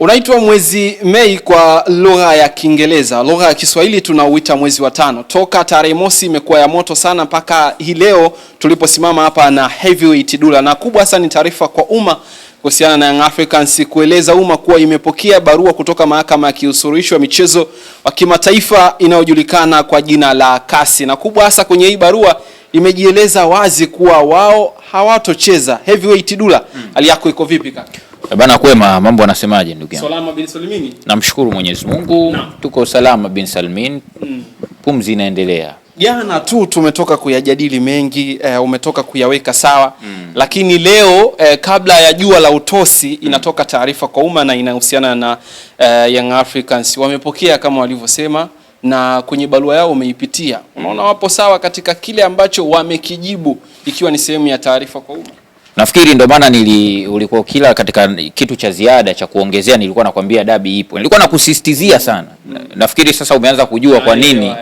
Unaitwa mwezi Mei kwa lugha ya Kiingereza. Lugha ya Kiswahili tunauita mwezi wa tano. Toka tarehe mosi imekuwa ya moto sana mpaka hii leo tuliposimama hapa na Heavyweight Dulla, na kubwa sana ni taarifa kwa umma kuhusiana na Young Africans kueleza umma kuwa imepokea barua kutoka mahakama ya kiusuluhishi wa michezo wa kimataifa inayojulikana kwa jina la kasi na kubwa hasa kwenye hii barua imejieleza wazi kuwa wao hawatocheza. Heavyweight Dulla, hmm. hali yako iko vipi kaka? Eh, bana Kwema, mambo anasemaje ndugu yangu? Salama bin Salmin. Namshukuru Mwenyezi Mungu na. Tuko salama bin Salmin mm. Pumzi inaendelea. Jana tu tumetoka kuyajadili mengi e, umetoka kuyaweka sawa mm. Lakini leo e, kabla ya jua la utosi mm. inatoka taarifa kwa umma na inahusiana na e, Young Africans wamepokea kama walivyosema na kwenye barua yao umeipitia, unaona wapo sawa katika kile ambacho wamekijibu, ikiwa ni sehemu ya taarifa kwa umma. Nafikiri ndio maana nili ulikuwa kila katika kitu cha ziada cha kuongezea, nilikuwa nakwambia dabi ipo, nilikuwa nakusisitizia sana. Nafikiri sasa umeanza kujua kwa nini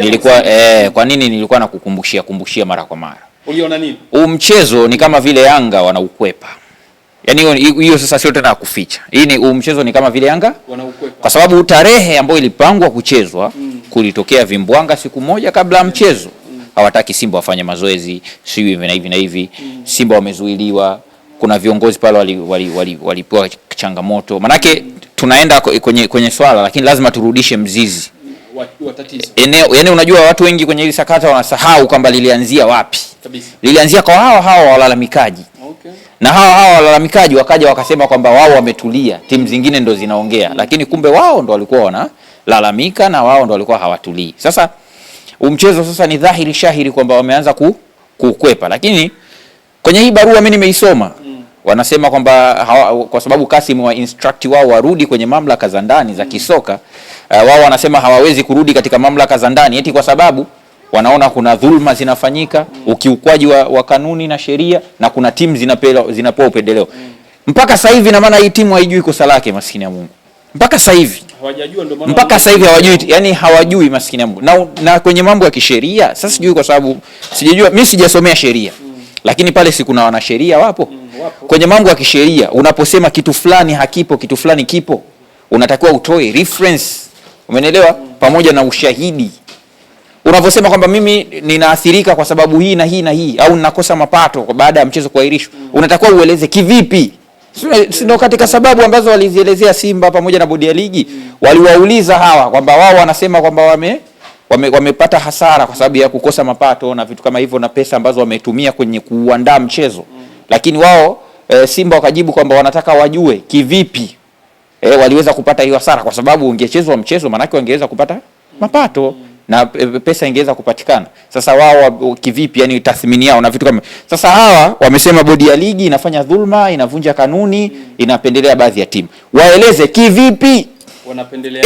nilikuwa eh, kwa nini nilikuwa nakukumbushia kumbushia mara kwa mara. Uliona nini? Huu mchezo ni kama vile Yanga wanaukwepa. Yaani hiyo sasa sio tena kuficha. Hii ni huu mchezo ni kama vile Yanga wanaukwepa. Kwa sababu tarehe ambayo ilipangwa kuchezwa mm, kulitokea vimbwanga siku moja kabla ya mchezo hawataki Simba wafanye mazoezi, sijui hivi na hivi na hivi, Simba wamezuiliwa, kuna viongozi pale walipewa wali, wali, wali changamoto. Manake tunaenda kwenye, kwenye swala lakini lazima turudishe mzizi Eneo, yani unajua watu wengi kwenye hili sakata wanasahau kwamba lilianzia wapi kabisa. Lilianzia kwa hao hao walalamikaji okay. Na hao hao walalamikaji wakaja wakasema kwamba wao wametulia, timu zingine ndo zinaongea mm. Lakini kumbe wao ndo walikuwa wanalalamika na wao ndo walikuwa hawatulii sasa umchezo sasa ni dhahiri shahiri kwamba wameanza kukwepa, lakini kwenye hii barua mimi nimeisoma mm. wanasema kwamba kwa sababu Kasim wa instruct wao warudi kwenye mamlaka za ndani za mm. kisoka uh, wao wanasema hawawezi kurudi katika mamlaka za ndani eti kwa sababu wanaona kuna dhulma zinafanyika mm. ukiukwaji wa, wa kanuni na sheria na kuna timu zinapewa upendeleo mm. mpaka sasa hivi, na maana hii timu haijui kosa lake, maskini ya Mungu, mpaka sasa hivi hawajajua ndio maana mpaka sasa hivi hawajui, yani hawajui maskini Mungu. Na, na kwenye mambo ya kisheria sasa sijui kwa sababu sijajua mimi sijasomea sheria mm. Lakini pale si kuna wanasheria wapo? Mm, wapo. Kwenye mambo ya kisheria unaposema kitu fulani hakipo, kitu fulani kipo, unatakiwa utoe reference, umeelewa Mm. Pamoja na ushahidi unavyosema kwamba mimi ninaathirika kwa sababu hii na hii na hii, au ninakosa mapato baada ya mchezo kuahirishwa mm. Unatakiwa ueleze kivipi Sio eh, katika sababu ambazo walizielezea Simba pamoja na bodi ya ligi mm. Waliwauliza hawa kwamba wao wanasema kwamba wame wamepata wame hasara kwa sababu ya kukosa mapato na vitu kama hivyo na pesa ambazo wametumia kwenye kuandaa mchezo mm. Lakini wao e, Simba wakajibu kwamba wanataka wajue kivipi e, waliweza kupata hiyo hasara, kwa sababu ungechezwa mchezo manake wangeweza kupata mapato mm na pesa ingeweza kupatikana. Sasa wao kivipi, yani tathmini yao na vitu kama sasa. Hawa wamesema bodi ya ligi inafanya dhulma, inavunja kanuni, inapendelea baadhi ya timu. Waeleze kivipi wanapendelea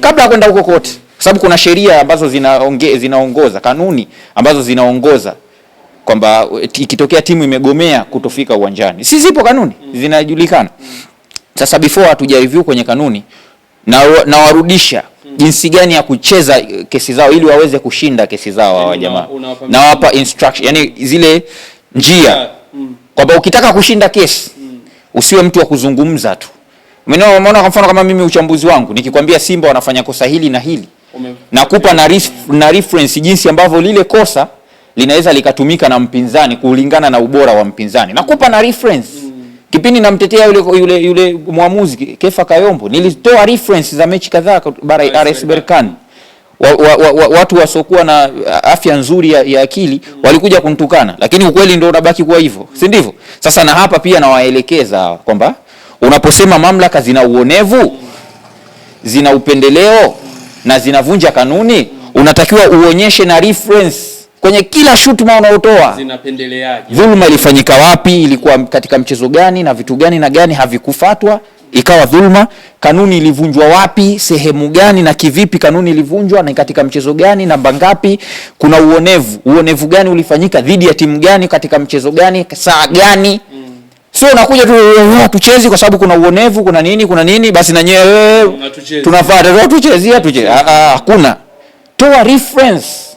kabla ya kwenda huko kote, kwa sababu kuna sheria ambazo zinaonge, zinaongoza kanuni ambazo zinaongoza kwamba ikitokea timu imegomea kutofika uwanjani, si zipo kanuni zinajulikana. Sasa before hatuja review kwenye kanuni na, nawarudisha jinsi gani ya kucheza kesi zao ili waweze kushinda kesi zao hawa yaani jamaa, na wapa instruction, yani zile njia mm. kwamba ukitaka kushinda kesi mm. usiwe mtu wa kuzungumza tu. Umeona, kwa mfano kama mimi uchambuzi wangu nikikwambia Simba wanafanya kosa hili na hili, nakupa na, ref, na reference jinsi ambavyo lile kosa linaweza likatumika na mpinzani kulingana na ubora wa mpinzani, nakupa na reference mm. Kipindi namtetea yule, yule, yule mwamuzi Kefa Kayombo, nilitoa reference za mechi kadhaa bara RS Berkane. Wa, wa, wa, wa, watu wasiokuwa na afya nzuri ya, ya akili mm. walikuja kuntukana, lakini ukweli ndio unabaki kuwa hivyo, si ndivyo? Sasa na hapa pia nawaelekeza kwamba unaposema mamlaka zina uonevu, zina upendeleo na zinavunja kanuni, unatakiwa uonyeshe na reference kwenye kila shutuma unaotoa zinapendeleaje? Dhuluma ilifanyika wapi? Ilikuwa katika mchezo gani? na vitu gani na gani havikufatwa ikawa dhulma? Kanuni ilivunjwa wapi, sehemu gani na kivipi kanuni ilivunjwa, na katika mchezo gani, namba ngapi? Kuna uonevu, uonevu gani ulifanyika dhidi ya timu gani, katika mchezo gani, saa gani? mm. Sio unakuja tu oh, oh, tuchezi kwa sababu kuna uonevu, kuna nini, kuna nini, basi na nyewe tunafuata tuchezea, tucheze. Oh, ah, ah, hakuna toa reference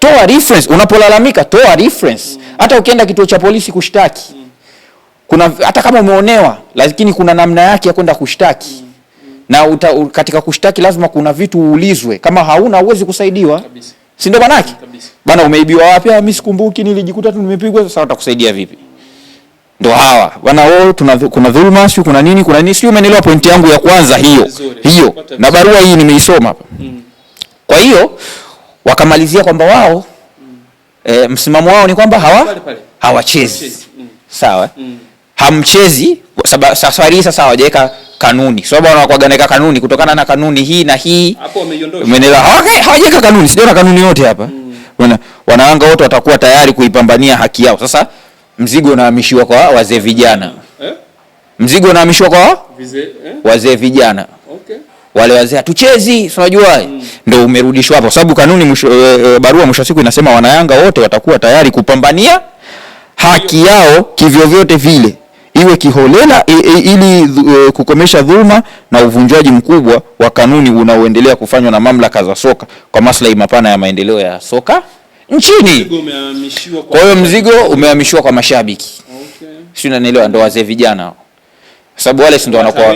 toa reference. Unapolalamika toa reference. Mm. Hata ukienda kituo cha polisi kushtaki, mm. kuna hata kama umeonewa, lakini kuna namna yake ya kwenda kushtaki mm. mm. na uta, u, katika kushtaki lazima kuna vitu uulizwe, kama hauna uwezi kusaidiwa, si ndio? Manake bana, umeibiwa wapi? Mimi ah, sikumbuki, nilijikuta tu nimepigwa. Sasa watakusaidia vipi? Ndo hawa bana, wao tuna kuna dhulma, sio kuna nini, kuna nini, sio? Umeelewa pointi yangu ya kwanza hiyo hiyo, na barua hii nimeisoma hapa. mm. Kwa hiyo wakamalizia kwamba wao mm. e, msimamo wao ni kwamba hawa hawachezi mm. sawa mm. hamchezi safari hii sasa hawajaweka kanuni so bwana wakuaganeka kanuni kutokana na kanuni hii na hii hapo okay, hawajaweka kanuni sijaona kanuni yote hapa mm. wanaanga wote watakuwa tayari kuipambania haki yao sasa mzigo unahamishiwa kwa wazee vijana eh? mzigo unahamishiwa kwa wazee eh? wazee vijana wale wazee hatuchezi, unajua mm. Ndio umerudishwa hapo, sababu kanuni mwisho, e, barua mwisho siku inasema wanayanga wote watakuwa tayari kupambania haki yao kivyovyote vile, iwe kiholela e, e, ili e, kukomesha dhuma na uvunjaji mkubwa wa kanuni unaoendelea kufanywa na mamlaka za soka kwa maslahi mapana ya maendeleo ya soka nchini. Kwa hiyo mzigo umehamishiwa kwa mashabiki okay. Sio, unanielewa? Ndio wazee vijana sababu wale si ndio wanakuwa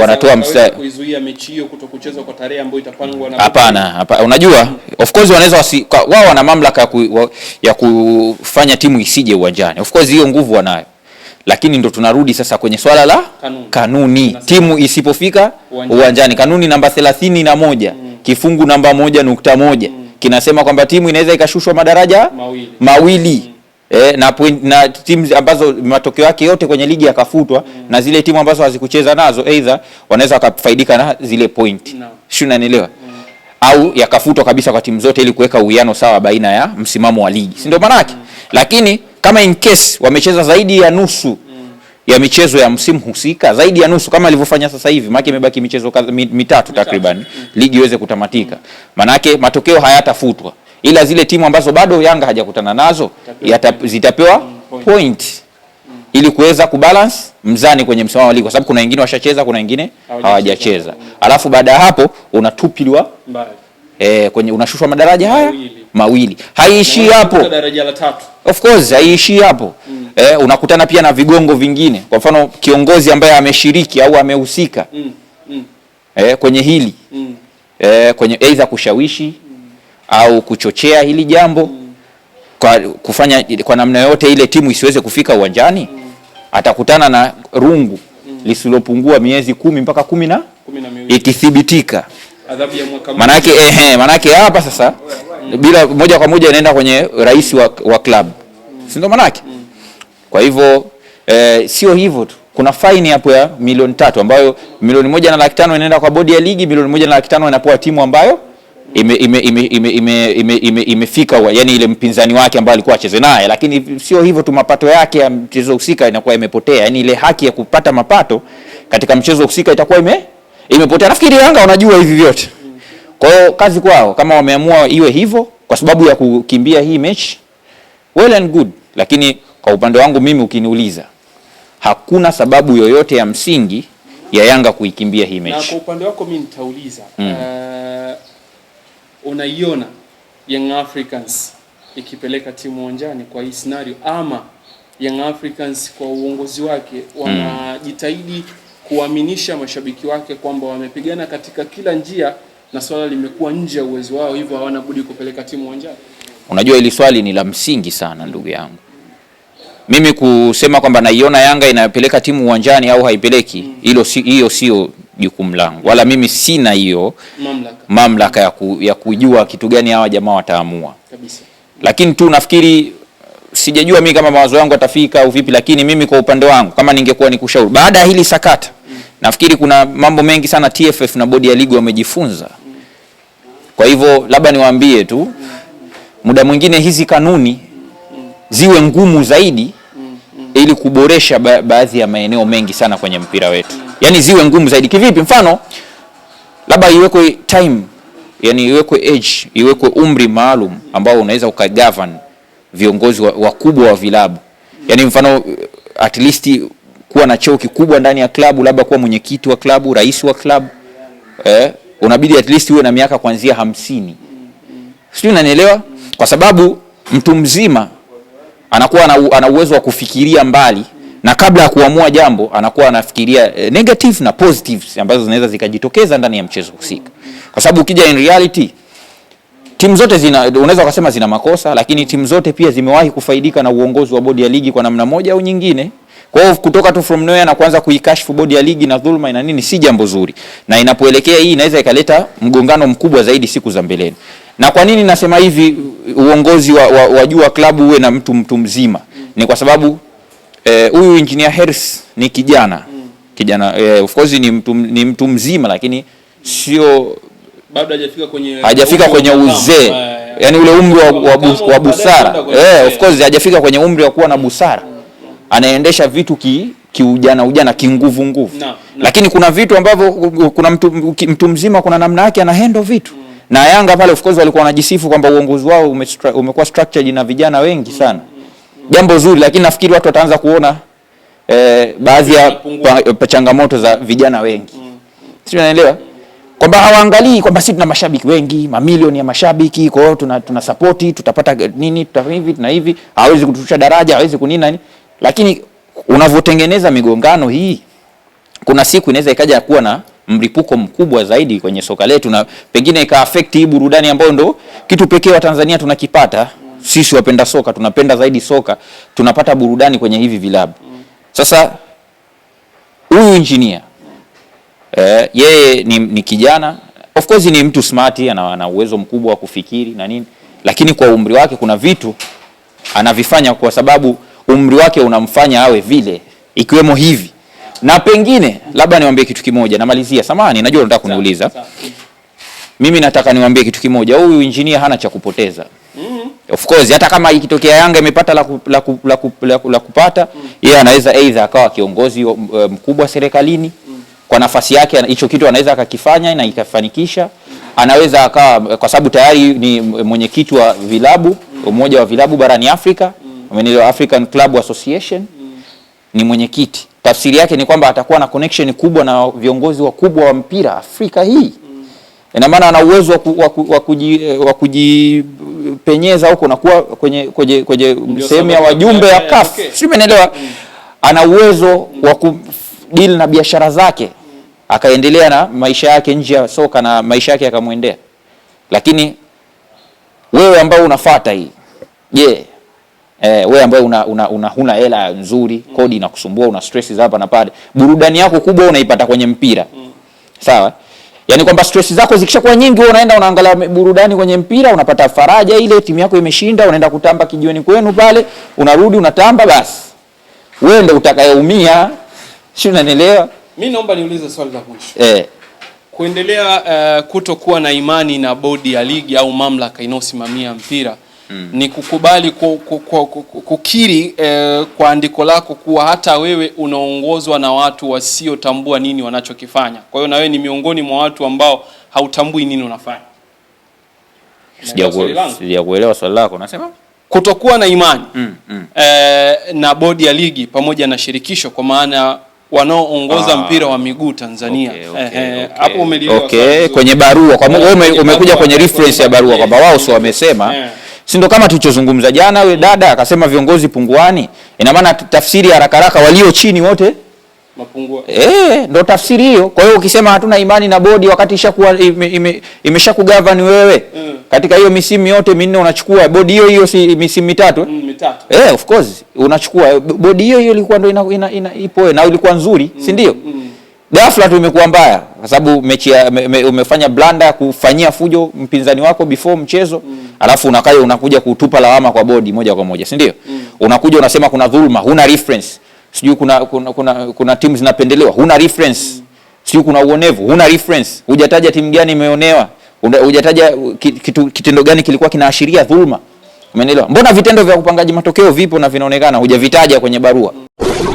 wanatoa mstari kuizuia mechi hiyo kutokuchezwa kwa tarehe ambayo itapangwa na hapana. Unajua, of course wanaweza wao, wana mamlaka ya kufanya timu isije uwanjani, of course hiyo nguvu wanayo, lakini ndo tunarudi sasa kwenye swala la kanuni, kanuni. timu isipofika uwanjani, uwanjani. kanuni namba 31 na mm. kifungu namba moja nukta moja mm. kinasema kwamba timu inaweza ikashushwa madaraja mawili, mawili. Mm. E, na, point, na timu ambazo matokeo yake yote kwenye ligi yakafutwa mm. na zile timu ambazo hazikucheza nazo either wanaweza wakafaidika na zile point no. Sio, unanielewa mm. au yakafutwa kabisa kwa timu zote ili kuweka uwiano sawa baina ya msimamo wa ligi, si ndio maana yake mm. Lakini kama in case wamecheza zaidi ya nusu mm. ya michezo ya msimu husika, zaidi ya nusu kama alivyofanya sasa hivi, maana imebaki michezo mitatu takriban mm. ligi iweze kutamatika, maana yake matokeo hayatafutwa ila zile timu ambazo bado Yanga hajakutana nazo zitapewa mm, point, point. Mm. ili kuweza kubalance mzani kwenye msimamo wa ligi, kwa sababu kuna wengine washacheza, kuna wengine hawajacheza. Alafu baada ya hapo unatupiliwa e, kwenye unashushwa madaraja haya mawili, mawili. Haiishii hapo daraja la tatu, of course haiishii hapo mm. E, unakutana pia na vigongo vingine, kwa mfano kiongozi ambaye ameshiriki au amehusika mm. mm. E, kwenye hili mm. E, kwenye aidha kushawishi mm au kuchochea hili jambo kwa kufanya kwa namna yote ile timu isiweze kufika uwanjani mm. atakutana na rungu mm. lisilopungua miezi kumi mpaka kumi na ikithibitika manake, ehe, manake hapa sasa we, we, mm. bila moja kwa moja inaenda kwenye rais wa, wa klabu mm. si manake mm. kwa hivyo eh, sio hivyo tu kuna faini hapo ya milioni tatu ambayo milioni moja na laki tano inaenda kwa bodi ya ligi, milioni moja na laki tano inapewa timu ambayo mm imefika ime, ime, ime, ime, ime, ime, ime yani ile mpinzani wake ambaye alikuwa acheze naye. Lakini sio hivyo tu, mapato yake ya mchezo husika inakuwa imepotea, yani ile haki ya kupata mapato katika mchezo husika itakuwa ime imepotea. Nafikiri Yanga wanajua hivi vyote, kwa hiyo kazi kwao, kama wameamua iwe hivyo kwa sababu ya kukimbia hii mechi, well and good, lakini kwa upande wangu mimi ukiniuliza, hakuna sababu yoyote ya msingi ya Yanga kuikimbia hii mechi. Na kwa upande wako mimi nitauliza mm. uh, unaiona Young Africans ikipeleka timu uwanjani kwa hii scenario, ama Young Africans kwa uongozi wake wanajitahidi kuaminisha mashabiki wake kwamba wamepigana katika kila njia na swala limekuwa nje ya uwezo wao, hivyo hawana budi kupeleka timu uwanjani. Unajua, hili swali ni la msingi sana, ndugu yangu. Mimi kusema kwamba naiona Yanga inapeleka timu uwanjani au haipeleki, hilo hiyo sio jukumu langu, wala mimi sina hiyo mamlaka, mamlaka ya, ku, ya kujua kitu gani hawa jamaa wataamua kabisa. Lakini tu nafikiri uh, sijajua mimi kama mawazo yangu atafika au vipi, lakini mimi kwa upande wangu kama ningekuwa nikushauri baada ya hili sakata mm. nafikiri kuna mambo mengi sana TFF na bodi ya ligi wamejifunza mm. kwa hivyo labda niwaambie tu mm. muda mwingine hizi kanuni mm. ziwe ngumu zaidi mm. mm. ili kuboresha ba baadhi ya maeneo mengi sana kwenye mpira wetu. Mm yani ziwe ngumu zaidi. Kivipi? Mfano labda iwekwe time, yani iwekwe age, iwekwe umri maalum ambao unaweza ukagovern viongozi wakubwa wa, wa vilabu yani mfano eh, at least kuwa na cheo kikubwa ndani ya klabu, labda kuwa mwenyekiti wa klabu, rais wa klabu eh, unabidi at least uwe na miaka kuanzia hamsini, sijui unanielewa? Kwa sababu mtu mzima anakuwa ana uwezo wa kufikiria mbali na kabla ya kuamua jambo anakuwa anafikiria e, negative na positives ambazo zinaweza zikajitokeza ndani ya mchezo husika, kwa sababu ukija in reality timu zote zina, unaweza ukasema zina makosa, lakini timu zote pia zimewahi kufaidika na uongozi wa bodi ya ligi kwa namna moja au nyingine. Kwa hiyo kutoka tu from nowhere na kuanza kuikashifu bodi ya ligi na dhulma ina nini, si jambo zuri, na inapoelekea hii inaweza ikaleta mgongano mkubwa zaidi siku za mbeleni. Na kwa nini nasema hivi uongozi wa, wa, wa juu wa klabu uwe na mtu mtu mzima? Ni kwa sababu Eh, huyu eh, engineer Hersi ni kijana mm. kijana eh, of course ni mtu, ni mtu mzima lakini sio bado hajafika kwenye hajafika kwenye uzee ah, yani ule umri wa, wa, wa busara eh, of course hajafika kwenye umri wa kuwa na busara mm. anaendesha vitu ki kiujana ujana kinguvu nguvu no, no. Lakini kuna vitu ambavyo kuna mtu, mtu mzima kuna namna yake anahendo vitu mm. Na Yanga pale of course walikuwa wanajisifu kwamba uongozi wao umekuwa structured na vijana wengi hmm. sana jambo zuri, lakini nafikiri watu wataanza kuona eh, baadhi ya eh, changamoto za vijana wengi mm. Sio unaelewa kwamba hawaangalii kwamba sisi tuna mashabiki wengi, mamilioni ya mashabiki, kwa hiyo tuna, tuna support tutapata nini, tuta hivi na hivi, hawezi kutushusha daraja, hawezi kunina nani, lakini unavyotengeneza migongano hii, kuna siku inaweza ikaja kuwa na mlipuko mkubwa zaidi kwenye soka letu, na pengine ika affect hii burudani ambayo ndo kitu pekee wa Tanzania tunakipata sisi wapenda soka tunapenda zaidi soka, tunapata burudani kwenye hivi vilabu. Sasa huyu injinia eh, yeye ni, ni kijana of course ni mtu smart, ana, ana uwezo mkubwa wa kufikiri na nini, lakini kwa umri wake kuna vitu anavifanya kwa sababu umri wake unamfanya awe vile, ikiwemo hivi na pengine labda niwaambie kitu kimoja, namalizia. samani najua unataka kuniuliza. Mimi nataka niwaambie kitu kimoja, huyu injinia hana cha kupoteza. Mm -hmm. Of course hata kama ikitokea Yanga imepata la, ku, la, ku, la, ku, la, ku, la kupata mm -hmm. Yeye anaweza aidha akawa kiongozi um, mkubwa um, serikalini mm -hmm. Kwa nafasi yake hicho kitu anaweza akakifanya na ikafanikisha mm Anaweza akawa kwa sababu tayari ni mwenyekiti wa vilabu mm -hmm. Umoja wa vilabu barani Afrika mm -hmm. African Club Association mm Ni mwenyekiti, tafsiri yake ni kwamba atakuwa na connection kubwa na viongozi wakubwa wa mpira Afrika hii mm Ina maana ana uwezo wa wa kuji unapenyeza huko kuwa kwenye kwenye kwenye sehemu ya wajumbe ya CAF, sio? Umeelewa? Mm. Ana uwezo wa mm. kudeal na biashara zake mm. akaendelea na maisha yake nje ya soka na maisha yake yakamwendea. Lakini wewe ambao unafata hii, je, yeah. Eh, wewe ambao una, una, una huna hela nzuri, kodi inakusumbua, una stresses hapa na pale, burudani yako kubwa unaipata kwenye mpira, sawa? Yaani kwamba stress zako zikishakuwa nyingi, wewe unaenda unaangalia burudani kwenye mpira, unapata faraja ile, timu yako imeshinda, unaenda kutamba kijioni kwenu pale, unarudi unatamba, basi wewe ndio utakayeumia. Si unanielewa? Mimi naomba niulize swali la mwisho. Eh. Kuendelea uh, kutokuwa na imani na bodi ya ligi au mamlaka inayosimamia mpira Mm. ni kukubali kukiri eh, kwa andiko lako kuwa hata wewe unaongozwa na watu wasiotambua nini wanachokifanya. Kwa hiyo na wewe ni miongoni mwa watu ambao hautambui nini unafanya. Sijakuelewa swali lako, nasema kutokuwa na imani mm, mm. Eh, na bodi ya ligi pamoja na shirikisho kwa maana wanaoongoza ah, mpira wa miguu Tanzania hapo. okay, okay, okay. okay. Kwenye barua kwa eh, umekuja kwenye reference ya barua kwamba wao sio wamesema yeah. Si ndo kama tulichozungumza jana, yule dada akasema viongozi punguani. Ina maana tafsiri haraka haraka walio chini wote mapungua. Eh, ndo tafsiri hiyo. Kwa hiyo ukisema hatuna imani na bodi wakati ishakuwa imesha ime, ime ni wewe mm. Katika hiyo misimu yote minne unachukua bodi hiyo hiyo si misimu mitatu eh? mm, mitatu. Eh, of course unachukua bodi hiyo hiyo ilikuwa ndo ina, ina, ina ipo na ilikuwa nzuri mm. si ndio? Mm. Ghafla tu imekuwa mbaya kwa sababu mechi me, me, umefanya blanda kufanyia fujo mpinzani wako before mchezo mm alafu unakaa unakuja kutupa lawama kwa bodi moja kwa moja, si ndio? Mm. Unakuja unasema kuna dhulma, huna reference. Sijui kuna kuna kuna, kuna timu zinapendelewa, huna reference. Mm. Sijui kuna uonevu, huna reference. Hujataja timu gani imeonewa. Hujataja kitu kitendo gani kilikuwa kinaashiria dhulma. Umeelewa? Mbona vitendo vya upangaji matokeo vipo na vinaonekana hujavitaja kwenye barua? Mm.